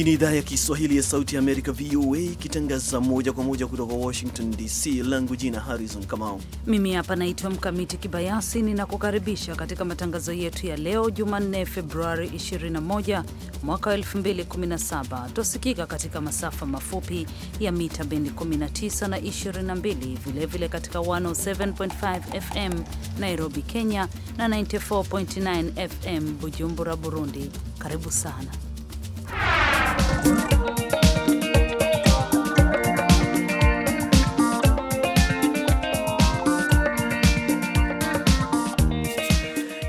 Hii ni idhaa ya Kiswahili ya Sauti ya Amerika, VOA, ikitangaza moja kwa moja kutoka Washington DC. langu jina Harrison Kamau, mimi hapa naitwa Mkamiti Kibayasi, ninakukaribisha katika matangazo yetu ya leo Jumanne, Februari 21 mwaka 2017. tosikika katika masafa mafupi ya mita bendi 19 na 22, vilevile katika 107.5 FM Nairobi, Kenya na 94.9 FM Bujumbura, Burundi. Karibu sana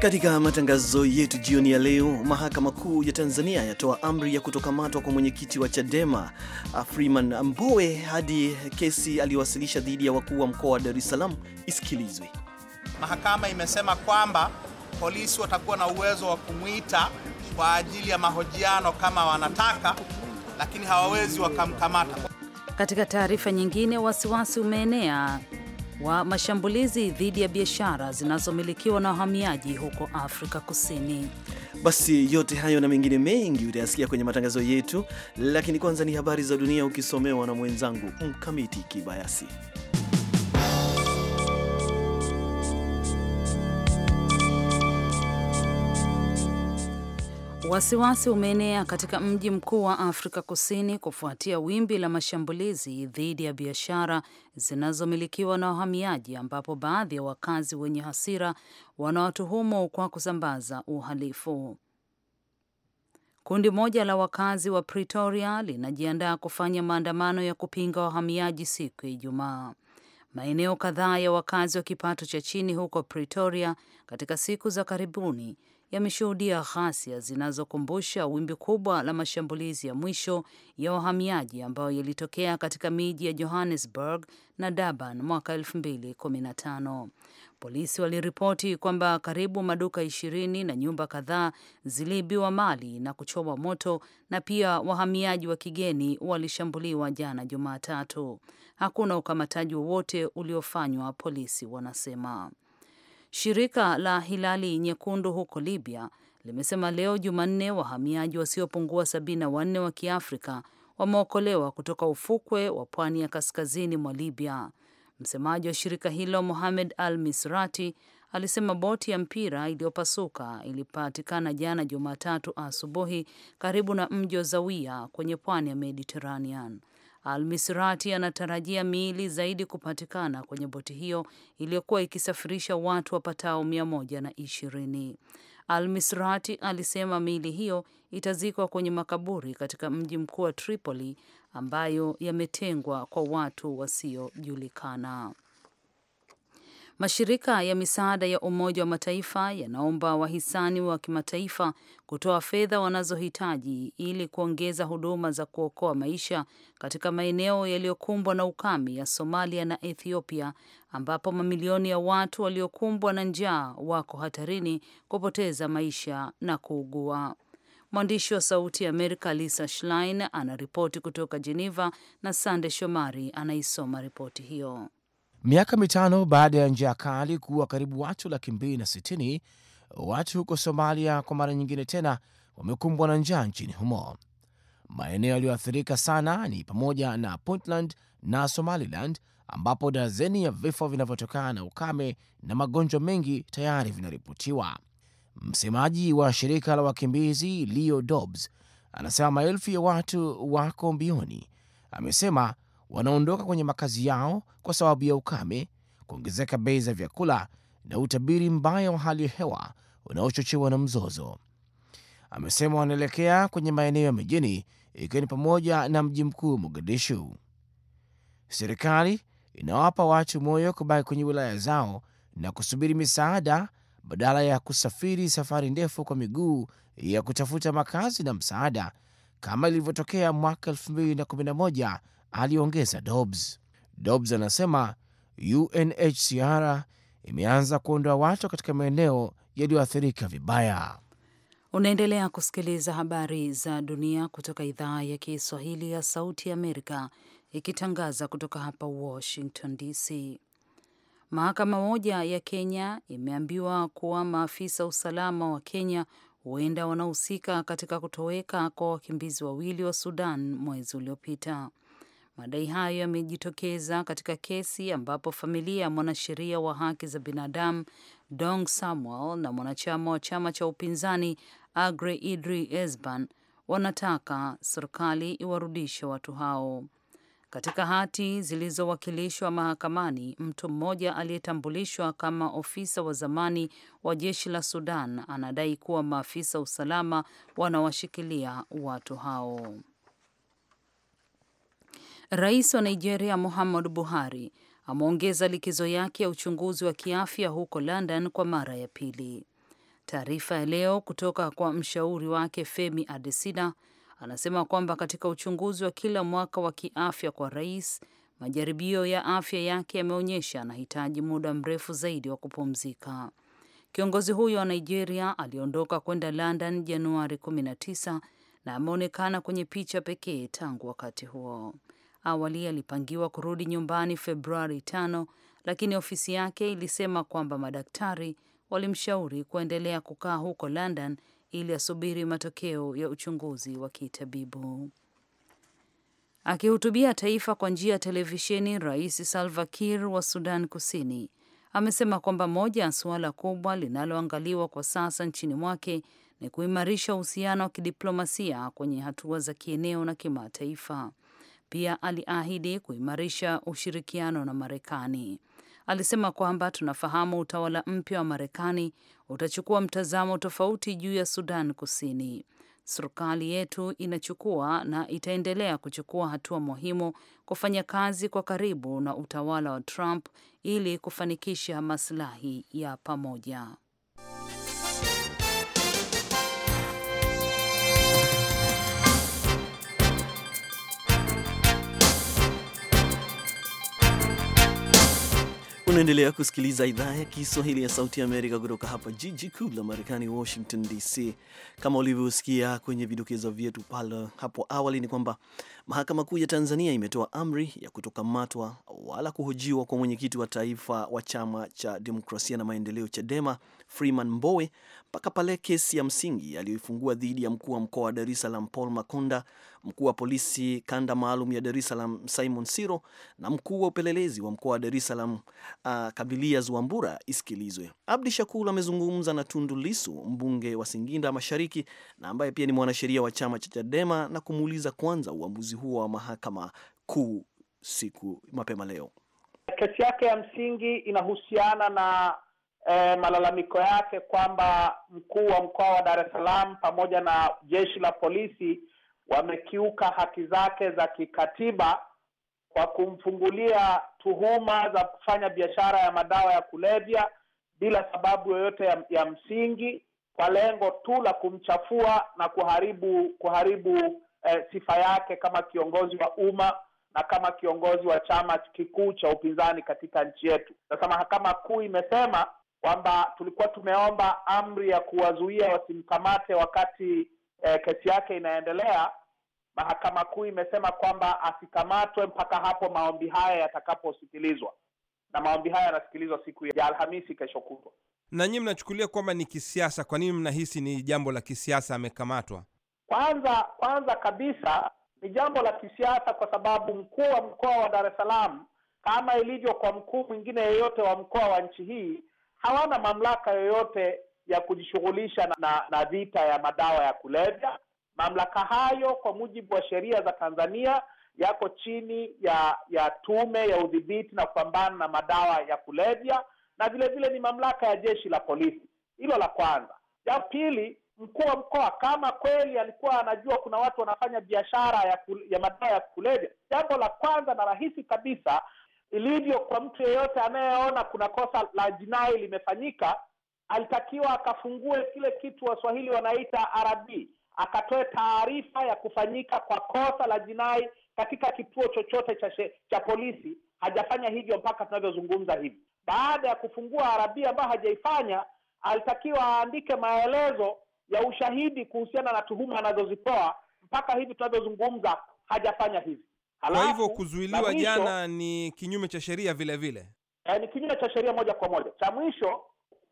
Katika matangazo yetu jioni ya leo, mahakama kuu ya Tanzania yatoa amri ya kutokamatwa kwa mwenyekiti wa Chadema ah, Freeman Mbowe hadi kesi aliyowasilisha dhidi ya wakuu wa mkoa wa Dar es Salaam isikilizwe. Mahakama imesema kwamba polisi watakuwa na uwezo wa kumwita kwa ajili ya mahojiano kama wanataka, lakini hawawezi wakamkamata. Katika taarifa nyingine, wasiwasi umeenea wa mashambulizi dhidi ya biashara zinazomilikiwa na wahamiaji huko Afrika Kusini. Basi yote hayo na mengine mengi utayasikia kwenye matangazo yetu, lakini kwanza ni habari za dunia ukisomewa na mwenzangu Mkamiti Kibayasi. Wasiwasi umeenea katika mji mkuu wa Afrika Kusini kufuatia wimbi la mashambulizi dhidi ya biashara zinazomilikiwa na wahamiaji ambapo baadhi ya wakazi wenye hasira wanawatuhumu kwa kusambaza uhalifu. Kundi moja la wakazi wa Pretoria linajiandaa kufanya maandamano ya kupinga wahamiaji siku ya Ijumaa. Maeneo kadhaa ya wakazi wa kipato cha chini huko Pretoria katika siku za karibuni yameshuhudia ghasia zinazokumbusha wimbi kubwa la mashambulizi ya mwisho ya wahamiaji ambayo yalitokea katika miji ya Johannesburg na Durban mwaka 2015. Polisi waliripoti kwamba karibu maduka ishirini na nyumba kadhaa ziliibiwa mali na kuchoma moto na pia wahamiaji wa kigeni walishambuliwa jana Jumatatu. Hakuna ukamataji wowote uliofanywa, polisi wanasema. Shirika la Hilali Nyekundu huko Libya limesema leo Jumanne wahamiaji wasiopungua wanne wa Kiafrika wameokolewa kutoka ufukwe wa pwani ya kaskazini mwa Libya. Msemaji wa shirika hilo Mohamed Al Misrati alisema boti ya mpira iliyopasuka ilipatikana jana Jumatatu asubuhi karibu na mji wa kwenye pwani ya Mediterranean. Almisrati anatarajia miili zaidi kupatikana kwenye boti hiyo iliyokuwa ikisafirisha watu wapatao mia moja na ishirini. Almisrati alisema miili hiyo itazikwa kwenye makaburi katika mji mkuu wa Tripoli ambayo yametengwa kwa watu wasiojulikana. Mashirika ya misaada ya Umoja wa Mataifa yanaomba wahisani wa kimataifa kutoa fedha wanazohitaji ili kuongeza huduma za kuokoa maisha katika maeneo yaliyokumbwa na ukame ya Somalia na Ethiopia ambapo mamilioni ya watu waliokumbwa na njaa wako hatarini kupoteza maisha na kuugua. Mwandishi wa Sauti ya Amerika Lisa Schlein anaripoti kutoka Jeneva na Sande Shomari anaisoma ripoti hiyo. Miaka mitano baada ya njaa kali kuwa karibu watu laki mbili na sitini, watu huko Somalia kwa mara nyingine tena wamekumbwa na njaa nchini humo. Maeneo yaliyoathirika sana ni pamoja na Puntland na Somaliland, ambapo dazeni ya vifo vinavyotokana na ukame na magonjwa mengi tayari vinaripotiwa. Msemaji wa shirika la wakimbizi Leo Dobbs anasema maelfu ya watu wako mbioni. Amesema wanaondoka kwenye makazi yao kwa sababu ya ukame, kuongezeka bei za vyakula na utabiri mbaya wa hali ya hewa unaochochewa na mzozo. Amesema wanaelekea kwenye maeneo ya mijini ikiwa ni pamoja na mji mkuu Mogadishu. Serikali inawapa watu moyo kubaki kwenye wilaya zao na kusubiri misaada badala ya kusafiri safari ndefu kwa miguu ya kutafuta makazi na msaada kama ilivyotokea mwaka 2011 aliongeza Dobbs. Dobbs anasema UNHCR imeanza kuondoa watu katika maeneo yaliyoathirika vibaya. Unaendelea kusikiliza habari za dunia kutoka idhaa ya Kiswahili ya Sauti ya Amerika ikitangaza kutoka hapa Washington DC. Mahakama moja ya Kenya imeambiwa kuwa maafisa usalama wa Kenya huenda wanahusika katika kutoweka kwa wakimbizi wawili wa Sudan mwezi uliopita. Madai hayo yamejitokeza katika kesi ambapo familia ya mwanasheria wa haki za binadamu Dong Samuel na mwanachama wa chama cha upinzani Agre Idri Esban wanataka serikali iwarudishe watu hao. Katika hati zilizowakilishwa mahakamani, mtu mmoja aliyetambulishwa kama ofisa wa zamani wa jeshi la Sudan anadai kuwa maafisa usalama wanawashikilia watu hao. Rais wa Nigeria Muhammadu Buhari ameongeza likizo yake ya uchunguzi wa kiafya huko London kwa mara ya pili. Taarifa ya leo kutoka kwa mshauri wake Femi Adesina anasema kwamba katika uchunguzi wa kila mwaka wa kiafya kwa rais, majaribio ya afya yake yameonyesha anahitaji muda mrefu zaidi wa kupumzika. Kiongozi huyo wa Nigeria aliondoka kwenda London Januari 19 na ameonekana kwenye picha pekee tangu wakati huo. Awali alipangiwa kurudi nyumbani Februari tano, lakini ofisi yake ilisema kwamba madaktari walimshauri kuendelea kukaa huko London ili asubiri matokeo ya uchunguzi wa kitabibu. Akihutubia taifa kwa njia ya televisheni, Rais Salva Kiir wa Sudan Kusini amesema kwamba moja ya suala kubwa linaloangaliwa kwa sasa nchini mwake ni kuimarisha uhusiano wa kidiplomasia kwenye hatua za kieneo na kimataifa. Pia aliahidi kuimarisha ushirikiano na Marekani. Alisema kwamba tunafahamu utawala mpya wa Marekani utachukua mtazamo tofauti juu ya Sudan Kusini. Serikali yetu inachukua na itaendelea kuchukua hatua muhimu kufanya kazi kwa karibu na utawala wa Trump ili kufanikisha maslahi ya pamoja. Unaendelea kusikiliza idhaa ya Kiswahili ya Sauti ya Amerika kutoka hapa jiji kuu la Marekani, Washington DC. Kama ulivyosikia kwenye vidokezo vyetu pale hapo awali, ni kwamba Mahakama Kuu ya Tanzania imetoa amri ya kutokamatwa wala kuhojiwa kwa mwenyekiti wa taifa wa chama cha demokrasia na maendeleo CHADEMA Freeman Mbowe mpaka pale kesi ya msingi aliyoifungua dhidi ya mkuu wa mkoa wa Dar es Salaam Paul Makonda, mkuu wa polisi kanda maalum ya Dar es Salaam Simon Siro na mkuu wa upelelezi wa mkoa wa Dar es Salaam uh, Kabilia Zuambura isikilizwe. Abdi Shakur amezungumza na Tundu Lisu, mbunge wa Singinda Mashariki na ambaye pia ni mwanasheria wa chama cha CHADEMA na kumuuliza kwanza uamuzi huo wa mahakama kuu siku mapema leo. Kesi yake ya msingi inahusiana na e, malalamiko yake kwamba mkuu wa mkoa wa Dar es Salaam pamoja na jeshi la polisi wamekiuka haki zake za kikatiba kwa kumfungulia tuhuma za kufanya biashara ya madawa ya kulevya bila sababu yoyote ya, ya msingi kwa lengo tu la kumchafua na kuharibu kuharibu eh, sifa yake kama kiongozi wa umma na kama kiongozi wa chama kikuu cha upinzani katika nchi yetu. Sasa mahakama kuu imesema kwamba tulikuwa tumeomba amri ya kuwazuia wasimkamate wakati eh, kesi yake inaendelea. Mahakama kuu imesema kwamba asikamatwe mpaka hapo maombi haya yatakaposikilizwa, na maombi haya yanasikilizwa siku ya Alhamisi kesho kutwa. Na nyinyi mnachukulia kwamba ni kisiasa, kwa nini mnahisi ni jambo la kisiasa amekamatwa? Kwanza kwanza kabisa ni jambo la kisiasa, kwa sababu mkuu wa mkoa wa Dar es Salaam kama ilivyo kwa mkuu mwingine yeyote wa mkoa wa nchi hii hawana mamlaka yoyote ya kujishughulisha na, na, na vita ya madawa ya kulevya. Mamlaka hayo kwa mujibu wa sheria za Tanzania yako chini ya ya Tume ya Udhibiti na Kupambana na Madawa ya Kulevya, na vilevile ni mamlaka ya jeshi la polisi. Hilo la kwanza. Cha pili, mkuu wa mkoa kama kweli alikuwa anajua kuna watu wanafanya biashara ya, ya madawa ya kulevya, jambo la kwanza na rahisi kabisa ilivyo kwa mtu yeyote anayeona kuna kosa la jinai limefanyika, alitakiwa akafungue kile kitu Waswahili wanaita RB, akatoe taarifa ya kufanyika kwa kosa la jinai katika kituo chochote cha, she, cha polisi. Hajafanya hivyo mpaka tunavyozungumza hivi. Baada ya kufungua RB ambayo hajaifanya alitakiwa aandike maelezo ya ushahidi kuhusiana na tuhuma anazozitoa. Mpaka hivi tunavyozungumza hajafanya hivi. Halafu, kwa hivyo kuzuiliwa jana ni kinyume cha sheria vile vile, eh, ni kinyume cha sheria moja kwa moja. Cha mwisho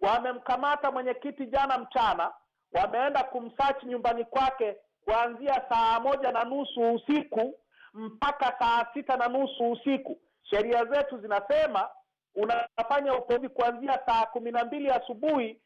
wamemkamata mwenyekiti jana mchana, wameenda kumsachi nyumbani kwake kuanzia saa moja na nusu usiku mpaka saa sita na nusu usiku. Sheria zetu zinasema unafanya upevi kuanzia saa kumi na mbili asubuhi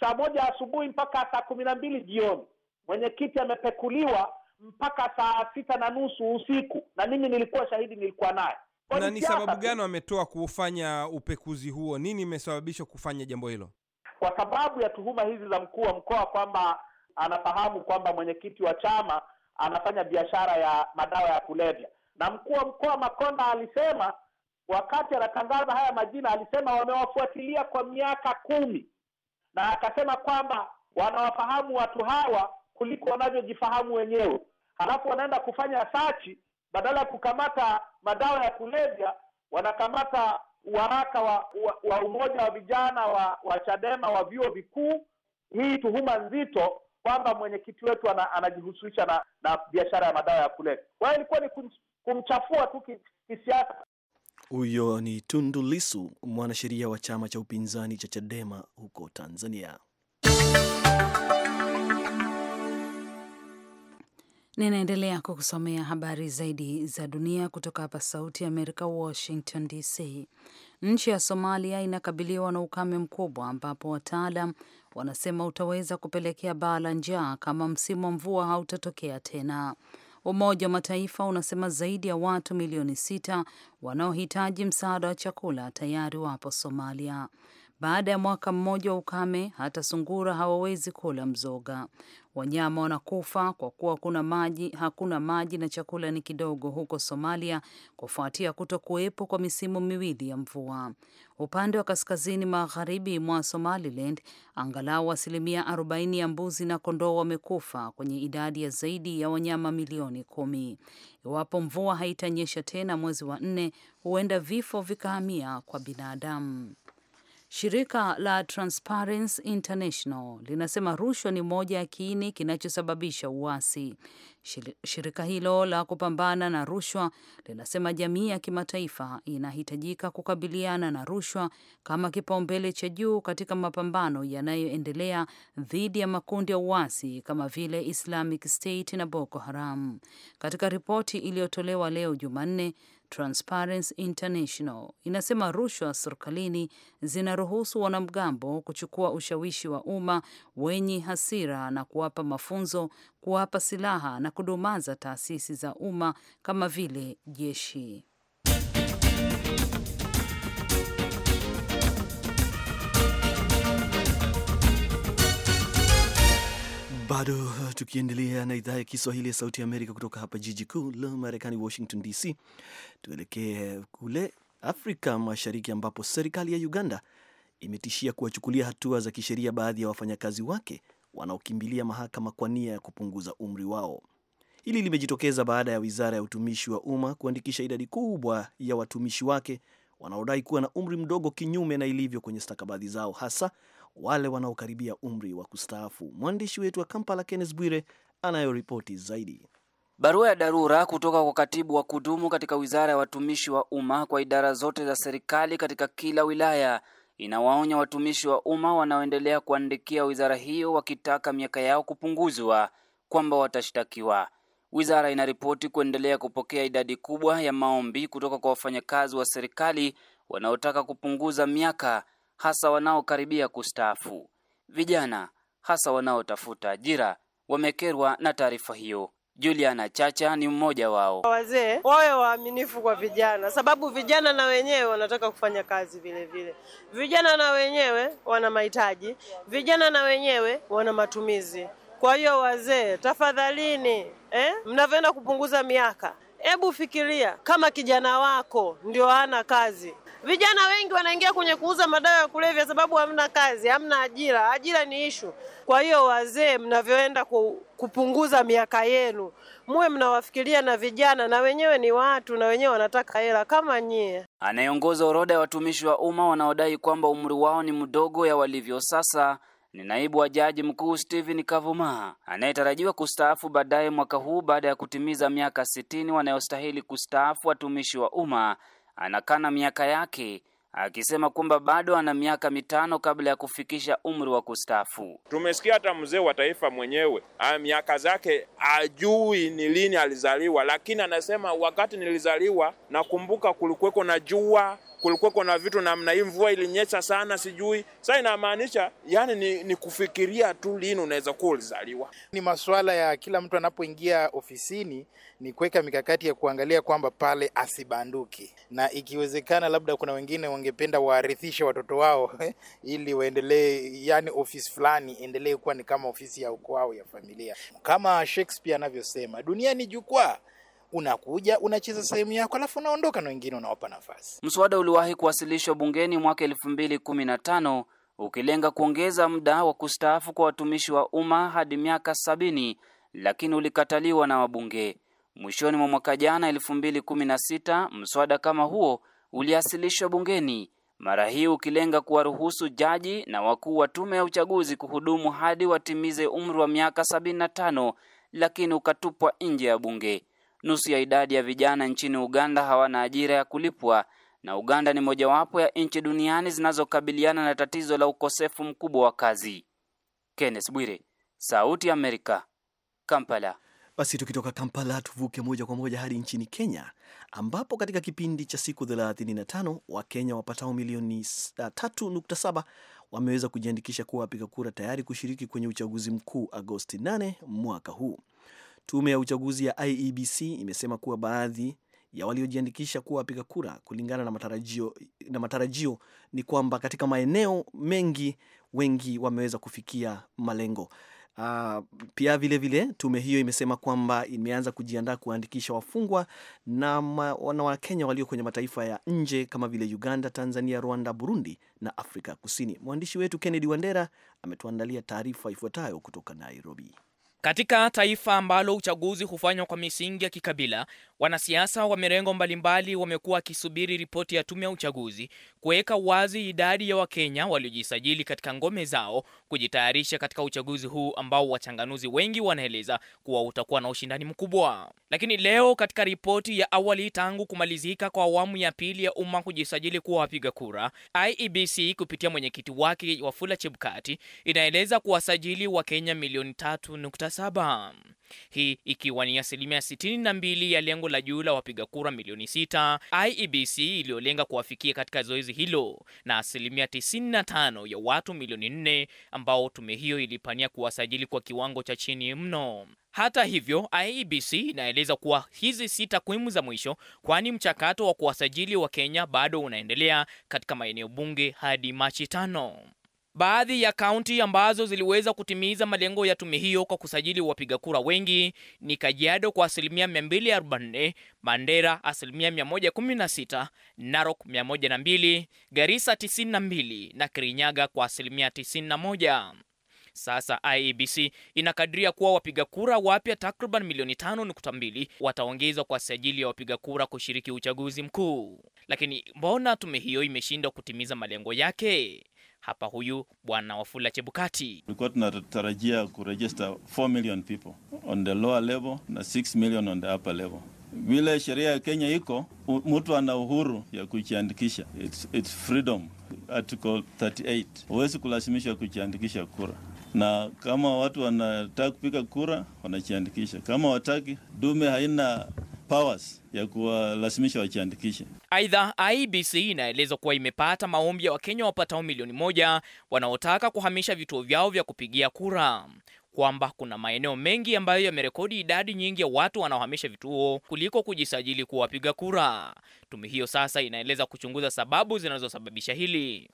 saa moja asubuhi mpaka saa kumi na mbili jioni. Mwenyekiti amepekuliwa mpaka saa sita na nusu usiku, na mimi nilikuwa shahidi, nilikuwa naye. Na ni sababu gani wametoa kufanya upekuzi huo? Nini imesababisha kufanya jambo hilo? Kwa sababu ya tuhuma hizi za mkuu wa mkoa kwamba anafahamu kwamba mwenyekiti wa chama anafanya biashara ya madawa ya kulevya, na mkuu wa mkoa Makonda alisema wakati anatangaza haya majina alisema wamewafuatilia kwa miaka kumi na akasema kwamba wanawafahamu watu hawa kuliko wanavyojifahamu wenyewe. Halafu wanaenda kufanya sachi, badala ya kukamata madawa ya kulevya wanakamata waraka wa, wa, wa umoja wa vijana wa, wa Chadema wa vyuo vikuu. Hii tuhuma nzito kwamba mwenyekiti wetu anajihusisha na, na biashara ya madawa ya kulevya. Kwa hiyo ilikuwa ni kum, kumchafua tu kisiasa. Huyo ni Tundu Lisu, mwanasheria wa chama cha upinzani cha Chadema huko Tanzania. Ninaendelea kukusomea habari zaidi za dunia kutoka hapa Sauti ya Amerika, Washington DC. Nchi ya Somalia inakabiliwa na ukame mkubwa, ambapo wataalam wanasema utaweza kupelekea baa la njaa kama msimu wa mvua hautatokea tena. Umoja wa Mataifa unasema zaidi ya watu milioni sita wanaohitaji msaada wa chakula tayari wapo Somalia. Baada ya mwaka mmoja wa ukame, hata sungura hawawezi kula mzoga. Wanyama wanakufa kwa kuwa kuna maji, hakuna maji na chakula ni kidogo huko Somalia kufuatia kuto kuwepo kwa misimu miwili ya mvua. Upande wa kaskazini magharibi mwa Somaliland, angalau asilimia 40 ya mbuzi na kondoo wamekufa kwenye idadi ya zaidi ya wanyama milioni kumi. Iwapo mvua haitanyesha tena mwezi wa nne, huenda vifo vikahamia kwa binadamu. Shirika la Transparency International linasema rushwa ni moja ya kiini kinachosababisha uasi. Shirika hilo la kupambana na rushwa linasema jamii ya kimataifa inahitajika kukabiliana na rushwa kama kipaumbele cha juu katika mapambano yanayoendelea dhidi ya makundi ya uasi kama vile Islamic State na Boko Haram. Katika ripoti iliyotolewa leo Jumanne, Transparency International inasema rushwa serikalini zinaruhusu wanamgambo kuchukua ushawishi wa umma wenye hasira na kuwapa mafunzo, kuwapa silaha na kudumaza taasisi za umma kama vile jeshi. bado uh, tukiendelea na idhaa ya Kiswahili ya Sauti ya Amerika kutoka hapa jiji kuu la Marekani, Washington DC. Tuelekee kule Afrika Mashariki, ambapo serikali ya Uganda imetishia kuwachukulia hatua za kisheria baadhi ya wafanyakazi wake wanaokimbilia mahakama kwa nia ya kupunguza umri wao. Hili limejitokeza baada ya wizara ya utumishi wa umma kuandikisha idadi kubwa ya watumishi wake wanaodai kuwa na umri mdogo, kinyume na ilivyo kwenye stakabadhi zao, hasa wale wanaokaribia umri wa kustaafu. Mwandishi wetu wa Kampala, Kenneth Bwire, anayoripoti zaidi. Barua ya dharura kutoka kwa katibu wa kudumu katika wizara ya watumishi wa umma kwa idara zote za serikali katika kila wilaya inawaonya watumishi wa umma wanaoendelea kuandikia wizara hiyo wakitaka miaka yao kupunguzwa kwamba watashtakiwa. Wizara inaripoti kuendelea kupokea idadi kubwa ya maombi kutoka kwa wafanyakazi wa serikali wanaotaka kupunguza miaka hasa wanaokaribia kustaafu. Vijana hasa wanaotafuta ajira wamekerwa na taarifa hiyo. Juliana Chacha ni mmoja wao. Wazee wawe waaminifu kwa vijana, sababu vijana na wenyewe wanataka kufanya kazi vile vile. Vijana na wenyewe wana mahitaji, vijana na wenyewe wana matumizi. Kwa hiyo wazee, tafadhalini, eh, mnavyoenda kupunguza miaka, hebu fikiria kama kijana wako ndio hana kazi, Vijana wengi wanaingia kwenye kuuza madawa ya kulevya sababu hamna kazi, hamna ajira. Ajira ni ishu. Kwa hiyo wazee, mnavyoenda kupunguza miaka yenu, muwe mnawafikiria na vijana, na wenyewe ni watu, na wenyewe wanataka hela kama nyie. Anayeongoza orodha ya watumishi wa umma wanaodai kwamba umri wao ni mdogo ya walivyo sasa ni naibu wa jaji mkuu Stephen Kavuma anayetarajiwa kustaafu baadaye mwaka huu baada ya kutimiza miaka sitini wanayostahili kustaafu watumishi wa umma anakana miaka yake akisema kwamba bado ana miaka mitano kabla ya kufikisha umri wa kustaafu. Tumesikia hata mzee wa taifa mwenyewe miaka zake ajui ni lini alizaliwa, lakini anasema wakati nilizaliwa nakumbuka kulikuweko na jua kulikuwa kuna vitu namna hii, mvua ilinyesha sana, sijui sasa inamaanisha yani ni, ni kufikiria tu lini unaweza kuwa ulizaliwa. Ni masuala ya kila mtu anapoingia ofisini, ni kuweka mikakati ya kuangalia kwamba pale asibanduki, na ikiwezekana, labda kuna wengine wangependa waarithishe watoto wao ili waendelee, yani ofisi fulani endelee kuwa ni kama ofisi ya ukoo au ya familia. Kama Shakespeare anavyosema, dunia ni jukwaa unakuja unacheza sehemu yako, alafu unaondoka na wengine unawapa nafasi. Mswada uliwahi kuwasilishwa bungeni mwaka elfu mbili kumi na tano ukilenga kuongeza muda wa kustaafu kwa watumishi wa umma hadi miaka sabini lakini ulikataliwa na wabunge. Mwishoni mwa mwaka jana elfu mbili kumi na sita mswada kama huo uliasilishwa bungeni, mara hii ukilenga kuwaruhusu jaji na wakuu wa tume ya uchaguzi kuhudumu hadi watimize umri wa miaka 75 lakini ukatupwa nje ya bunge nusu ya idadi ya vijana nchini Uganda hawana ajira ya kulipwa, na Uganda ni mojawapo ya nchi duniani zinazokabiliana na tatizo la ukosefu mkubwa wa kazi. Kenneth Bwire, Sauti ya Amerika, Kampala. Basi tukitoka Kampala tuvuke moja kwa moja hadi nchini Kenya, ambapo katika kipindi cha siku 35 Wakenya wapatao milioni 3.7 wameweza kujiandikisha kuwa wapiga kura tayari kushiriki kwenye uchaguzi mkuu Agosti 8 mwaka huu. Tume ya uchaguzi ya IEBC imesema kuwa baadhi ya waliojiandikisha kuwa wapiga kura kulingana na matarajio, na matarajio ni kwamba katika maeneo mengi wengi wameweza kufikia malengo. Uh, pia vilevile vile, tume hiyo imesema kwamba imeanza kujiandaa kuandikisha wafungwa na Wakenya walio kwenye mataifa ya nje kama vile Uganda, Tanzania, Rwanda, Burundi na Afrika Kusini. Mwandishi wetu Kennedy Wandera ametuandalia taarifa ifuatayo kutoka Nairobi. Katika taifa ambalo uchaguzi hufanywa kwa misingi ya kikabila, wanasiasa wa mirengo mbalimbali wamekuwa wakisubiri ripoti ya tume ya uchaguzi kuweka wazi idadi ya Wakenya waliojisajili katika ngome zao kujitayarisha katika uchaguzi huu ambao wachanganuzi wengi wanaeleza kuwa utakuwa na ushindani mkubwa. Lakini leo katika ripoti ya awali tangu kumalizika kwa awamu ya pili ya umma kujisajili kuwa wapiga kura, IEBC kupitia mwenyekiti wake Wafula Chebukati inaeleza kuwasajili Wakenya milioni 3 hii ikiwa ni asilimia 62 ya lengo la juu la wapiga kura milioni 6 IEBC iliyolenga kuwafikia katika zoezi hilo na asilimia 95 ya watu milioni 4 ambao tume hiyo ilipania kuwasajili kwa kiwango cha chini mno. Hata hivyo, IEBC inaeleza kuwa hizi si takwimu za mwisho, kwani mchakato wa kuwasajili wa Kenya bado unaendelea katika maeneo bunge hadi Machi tano. Baadhi ya kaunti ambazo ziliweza kutimiza malengo ya tume hiyo kwa kusajili wapiga kura wengi ni Kajiado kwa asilimia 244, Mandera asilimia 116, Narok 102, Garissa 92 na Kirinyaga kwa asilimia 91. Sasa IEBC inakadiria kuwa wapiga kura wapya takriban milioni mbili wataongezwa kwa sajili ya wapiga kura kushiriki uchaguzi mkuu. Lakini mbona tume hiyo imeshindwa kutimiza malengo yake? Hapa huyu bwana Wafula Chebukati. Tulikuwa tunatarajia kurejista 4 million people on the lower level na 6 million on the upper level. Vile sheria ya Kenya iko, mtu ana uhuru ya kujiandikisha. It's, it's freedom article 38. Huwezi kulazimishwa kujiandikisha kura, na kama watu wanataka kupiga kura wanajiandikisha, kama wataki. Dume haina powers ya kuwalazimisha wajiandikishe. Aidha, IBC inaeleza kuwa imepata maombi ya Wakenya wapatao milioni moja wanaotaka kuhamisha vituo vyao vya kupigia kura kwamba kuna maeneo mengi ambayo yamerekodi idadi nyingi ya watu wanaohamisha vituo kuliko kujisajili kuwa wapiga kura. Tume hiyo sasa inaeleza kuchunguza sababu zinazosababisha hili.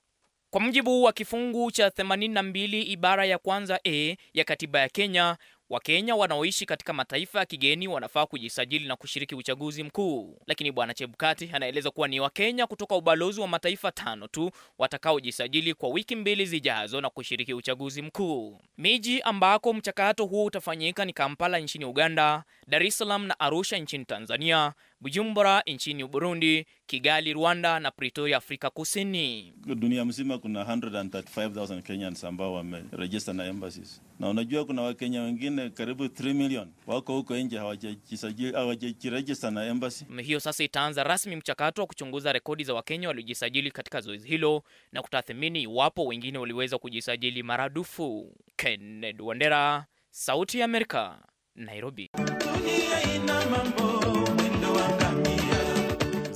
Kwa mujibu wa kifungu cha 82 ibara ya kwanza a ya katiba ya Kenya, Wakenya wanaoishi katika mataifa ya kigeni wanafaa kujisajili na kushiriki uchaguzi mkuu, lakini bwana Chebukati anaeleza kuwa ni Wakenya kutoka ubalozi wa mataifa tano tu watakaojisajili kwa wiki mbili zijazo na kushiriki uchaguzi mkuu. Miji ambako mchakato huo utafanyika ni Kampala nchini Uganda, Dar es Salaam na Arusha nchini Tanzania, Bujumbura nchini Burundi, Kigali Rwanda na Pretoria Afrika Kusini. Dunia mzima kuna 135,000 Kenyans ambao wameregister na embassies na unajua kuna Wakenya wengine karibu 3 million wako huko nje hawajajisajili hawajajirejista na embassy. Tume hiyo sasa itaanza rasmi mchakato wa kuchunguza rekodi za Wakenya waliojisajili katika zoezi hilo na kutathmini iwapo wengine waliweza kujisajili maradufu. Kenneth Wandera, Sauti ya Amerika, Nairobi.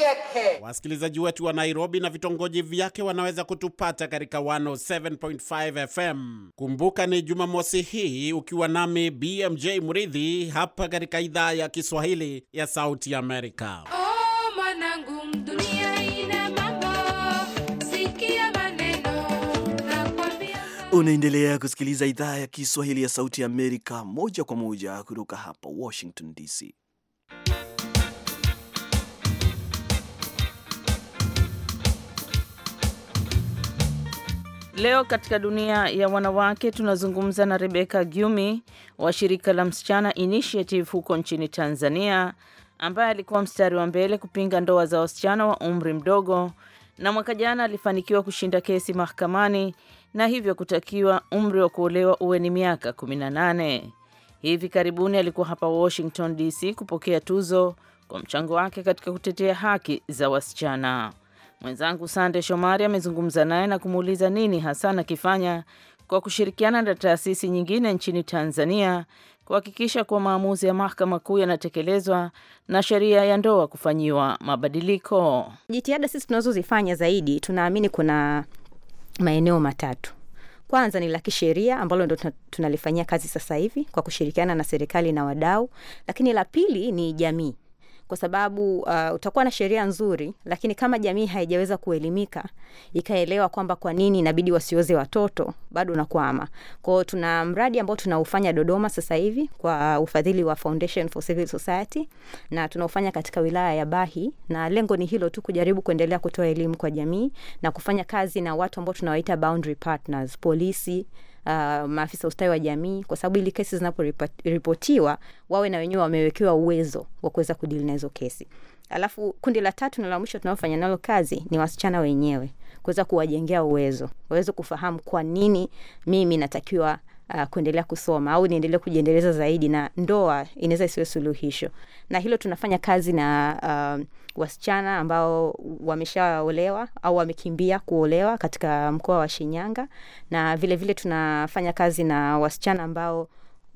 yake. Wasikilizaji wetu wa Nairobi na vitongoji vyake wanaweza kutupata katika 107.5 FM. Kumbuka ni Jumamosi hii ukiwa nami BMJ mridhi hapa katika idhaa ya Kiswahili ya Sauti Amerika. Oh, Unaendelea kusikiliza idhaa ya Kiswahili ya Sauti ya Amerika moja kwa moja kutoka hapa Washington DC. Leo katika dunia ya wanawake tunazungumza na Rebeka Gyumi wa shirika la Msichana Initiative huko nchini Tanzania, ambaye alikuwa mstari wa mbele kupinga ndoa za wasichana wa umri mdogo, na mwaka jana alifanikiwa kushinda kesi mahakamani na hivyo kutakiwa umri wa kuolewa uwe ni miaka 18. Hivi karibuni alikuwa hapa Washington DC kupokea tuzo kwa mchango wake katika kutetea haki za wasichana. Mwenzangu Sande Shomari amezungumza naye na kumuuliza nini hasa anakifanya kwa kushirikiana na taasisi nyingine nchini Tanzania kuhakikisha kuwa maamuzi ya Mahakama Kuu yanatekelezwa na sheria ya ndoa kufanyiwa mabadiliko. Jitihada sisi tunazozifanya zaidi, tunaamini kuna maeneo matatu. Kwanza ni la kisheria ambalo ndo tunalifanyia kazi sasa hivi kwa kushirikiana na serikali na wadau, lakini la pili ni jamii kwa sababu uh, utakuwa na sheria nzuri, lakini kama jamii haijaweza kuelimika ikaelewa kwamba kwa nini inabidi wasioze watoto, bado unakwama. hiyo tuna mradi ambao tunaufanya Dodoma sasa hivi kwa uh, ufadhili wa Foundation for Civil Society na tunaufanya katika wilaya ya Bahi, na lengo ni hilo tu, kujaribu kuendelea kutoa elimu kwa jamii na kufanya kazi na watu ambao tunawaita boundary partners, polisi uh, maafisa ustawi wa jamii, kwa sababu ili kesi zinaporipotiwa wawe na wenyewe wamewekewa uwezo wa kuweza kudili na hizo kesi. Alafu kundi la tatu na la mwisho tunaofanya nalo kazi ni wasichana wenyewe kuweza kuwajengea uwezo, waweze kufahamu kwa nini mimi natakiwa uh, kuendelea kusoma au niendelee kujiendeleza zaidi, na ndoa inaweza isiwe suluhisho. Na hilo tunafanya kazi na uh, wasichana ambao wameshaolewa au wamekimbia kuolewa katika mkoa wa Shinyanga, na vilevile vile tunafanya kazi na wasichana ambao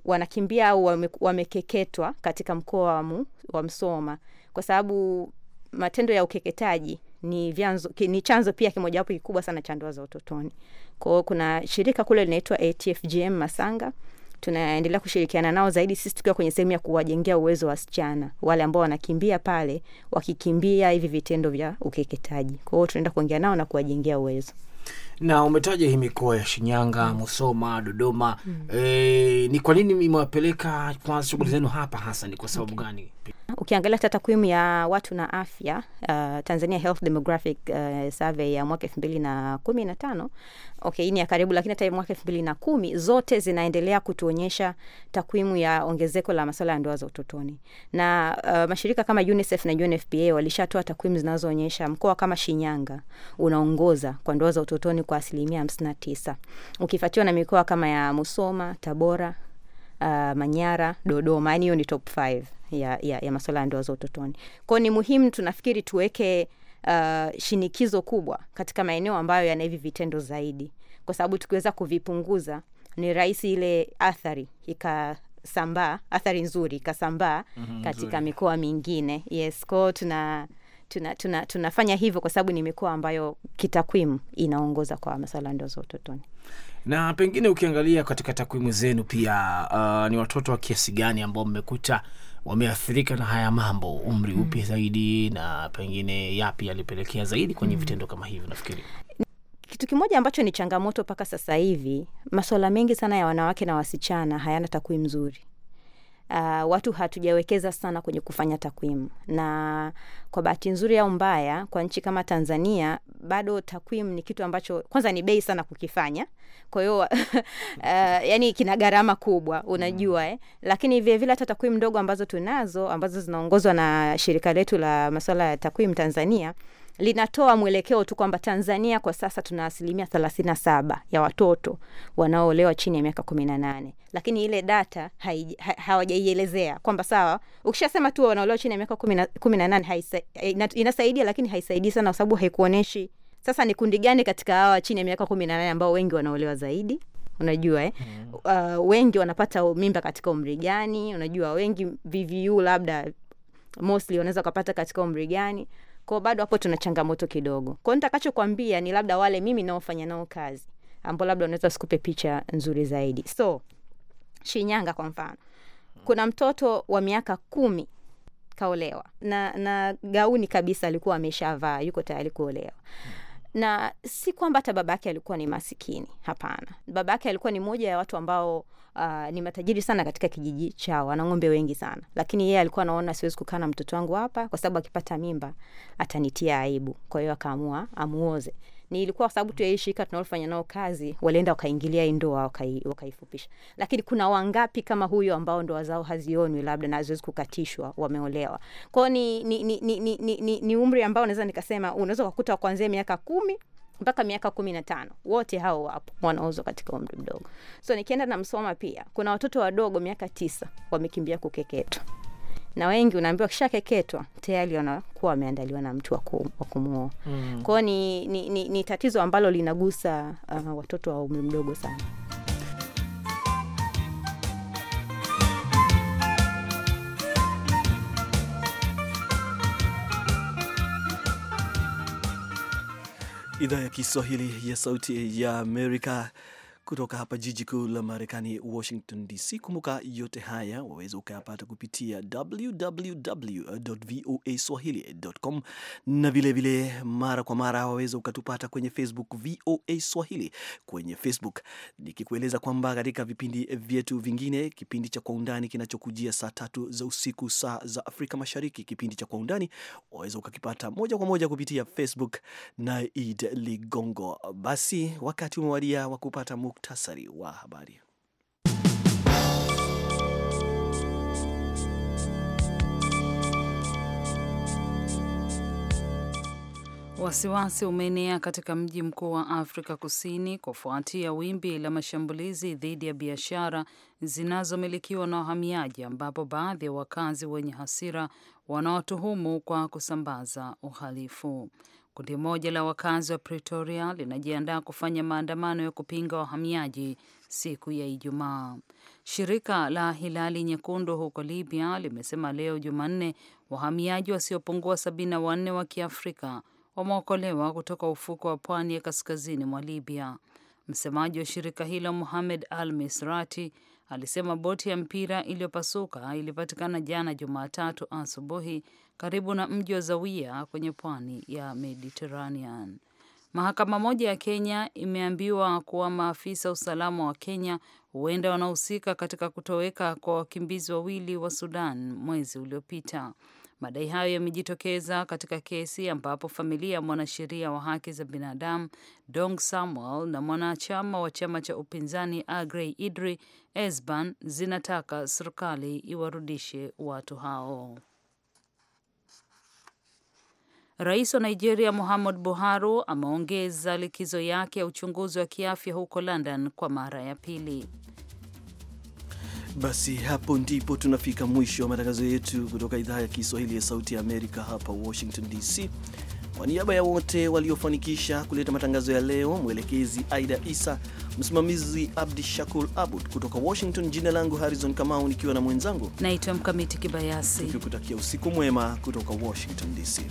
wanakimbia au wame, wamekeketwa katika mkoa wa Msoma, kwa sababu matendo ya ukeketaji ni vyanzo ki, ni chanzo pia kimojawapo kikubwa sana cha ndoa za utotoni. Kwa hiyo kuna shirika kule linaitwa ATFGM Masanga, tunaendelea kushirikiana nao zaidi sisi tukiwa kwenye sehemu ya kuwajengea uwezo wa wasichana wale ambao wanakimbia pale, wakikimbia hivi vitendo vya ukeketaji. Kwa hiyo tunaenda kuongea nao na kuwajengea uwezo. Na umetaja hii mikoa ya Shinyanga, mm. Musoma, Dodoma. Mm. E, ni kwa nini imewapeleka kwanza shughuli zenu hapa hasa ni kwa sababu okay, gani? Ukiangalia hata takwimu ya watu na afya uh, Tanzania Health Demographic uh, Survey ya mwaka elfu mbili na kumi na tano okay, ni ya karibu, lakini hata mwaka elfu mbili na kumi zote zinaendelea kutuonyesha takwimu ya ongezeko la masuala ya ndoa za utotoni, na uh, mashirika kama UNICEF na UNFPA walishatoa takwimu zinazoonyesha mkoa kama Shinyanga unaongoza kwa ndoa za utotoni utotoni kwa asilimia hamsini na tisa ukifuatiwa na mikoa kama ya Musoma, Tabora, uh, Manyara, Dodoma. Yani hiyo ni top 5 ya, ya, ya masuala ya ndoa za utotoni. Kwao ni muhimu tunafikiri tuweke uh, shinikizo kubwa katika maeneo ambayo yana hivi vitendo zaidi, kwa sababu tukiweza kuvipunguza ni rahisi ile athari ika sambaa athari nzuri ikasambaa mm -hmm, katika mikoa mingine. Yes, kwao tuna tuna, tuna, tunafanya hivyo kwa sababu ni mikoa ambayo kitakwimu inaongoza kwa masala ndoa za utotoni. Na pengine ukiangalia katika takwimu zenu pia, uh, ni watoto wa kiasi gani ambao mmekuta wameathirika na haya mambo, umri hmm. upi zaidi, na pengine yapi yalipelekea zaidi kwenye hmm. vitendo kama hivyo Nafikiri kitu kimoja ambacho ni changamoto mpaka sasa hivi, masuala mengi sana ya wanawake na wasichana hayana takwimu nzuri uh, watu hatujawekeza sana kwenye kufanya takwimu, na kwa bahati nzuri au mbaya, kwa nchi kama Tanzania bado takwimu ni kitu ambacho kwanza ni bei sana kukifanya, kwa hiyo uh, yani kina gharama kubwa, unajua mm. eh? Lakini vilevile hata takwimu ndogo ambazo tunazo ambazo zinaongozwa na shirika letu la masuala ya takwimu Tanzania linatoa mwelekeo tu kwamba Tanzania kwa sasa tuna asilimia thelathini saba ya watoto wanaoolewa chini ya miaka kumi na nane lakini ile data hawajaielezea kwamba sawa, ukishasema tu wanaolewa chini ya miaka kumi na nane eh, inasaidia, lakini haisaidii sana kwa sababu haikuoneshi sasa ni kundi gani katika hawa chini ya miaka kumi na nane ambao wengi wanaolewa zaidi unajua eh? mm. Uh, wengi wanapata mimba katika umri gani? Unajua wengi VVU labda mostly wanaweza kupata katika umri gani? kwao bado hapo tuna changamoto kidogo kwao nitakachokwambia ni labda wale mimi naofanya nao kazi ambao labda unaweza sikupe picha nzuri zaidi so shinyanga kwa mfano kuna mtoto wa miaka kumi kaolewa na na gauni kabisa alikuwa ameshavaa yuko tayari kuolewa na si kwamba hata babake alikuwa ni masikini hapana babake alikuwa ni moja ya watu ambao uh, ni matajiri sana katika kijiji chao, ana ng'ombe wengi sana, lakini yeye alikuwa anaona siwezi kukaa na mtoto wangu hapa kwa sababu akipata mimba atanitia aibu. Kwa hiyo akaamua amuoze ni ilikuwa kwa sababu tu ya hii shirika nao kazi, walienda wakaingilia hii wakaifupisha wakai, Lakini kuna wangapi kama huyo ambao ndoa zao hazionwi labda na haziwezi kukatishwa, wameolewa kwao. Ni, ni, ni, ni, ni, ni, ni umri ambao naweza nikasema unaweza ukakuta kuanzia miaka kumi mpaka miaka kumi na tano wote hao wapo wanauzwa katika umri mdogo. So nikienda na Msoma pia kuna watoto wadogo miaka tisa wamekimbia kukeketwa, na wengi unaambiwa kishakeketwa tayari wanakuwa wameandaliwa na mtu wa kumuoa mm. Kwao ni, ni, ni, ni tatizo ambalo linagusa uh, watoto wa umri mdogo sana. idhaa ya Kiswahili ya Sauti ya Amerika kutoka hapa jiji kuu la Marekani, Washington DC. Kumbuka yote haya waweza ukayapata kupitia www voa swahili.com, na vilevile mara kwa mara waweza ukatupata kwenye Facebook VOA Swahili kwenye Facebook, nikikueleza kwamba katika vipindi vyetu vingine, kipindi cha Kwa Undani kinachokujia saa tatu za usiku saa za Afrika Mashariki, kipindi cha Kwa Undani waweza ukakipata moja kwa moja kupitia Facebook na Id Ligongo. Basi wakati umewadia wa kupata muktasari wa habari. Wasiwasi umeenea katika mji mkuu wa Afrika Kusini kufuatia wimbi la mashambulizi dhidi ya biashara zinazomilikiwa na wahamiaji, ambapo baadhi ya wakazi wenye hasira wanaotuhumu kwa kusambaza uhalifu. Kundi moja la wakazi wa Pretoria linajiandaa kufanya maandamano ya kupinga wahamiaji siku ya Ijumaa. Shirika la Hilali Nyekundu huko Libya limesema leo Jumanne wahamiaji wasiopungua sabini na wanne wa Kiafrika wameokolewa kutoka ufuko wa pwani ya kaskazini mwa Libya. Msemaji wa shirika hilo Muhamed Al Misrati alisema boti ya mpira iliyopasuka ilipatikana jana Jumatatu asubuhi karibu na mji wa zawia kwenye pwani ya Mediterranean. Mahakama moja ya Kenya imeambiwa kuwa maafisa usalama wa Kenya huenda wanahusika katika kutoweka kwa wakimbizi wawili wa Sudan mwezi uliopita. Madai hayo yamejitokeza katika kesi ambapo familia ya mwanasheria wa haki za binadamu Dong Samuel na mwanachama wa chama cha upinzani Agrey Idri Esban zinataka serikali iwarudishe watu hao. Rais wa Nigeria Muhammad Buhari ameongeza likizo yake ya uchunguzi wa kiafya huko London kwa mara ya pili. Basi hapo ndipo tunafika mwisho wa matangazo yetu kutoka idhaa ya Kiswahili ya Sauti ya Amerika hapa Washington DC. Kwa niaba ya wote waliofanikisha kuleta matangazo ya leo, mwelekezi Aida Isa, msimamizi Abdi Shakur Abud kutoka Washington. Jina langu Harrison Kamau, nikiwa na mwenzangu naitwa Mkamiti Kibayasi, tukikutakia usiku mwema kutoka Washington DC.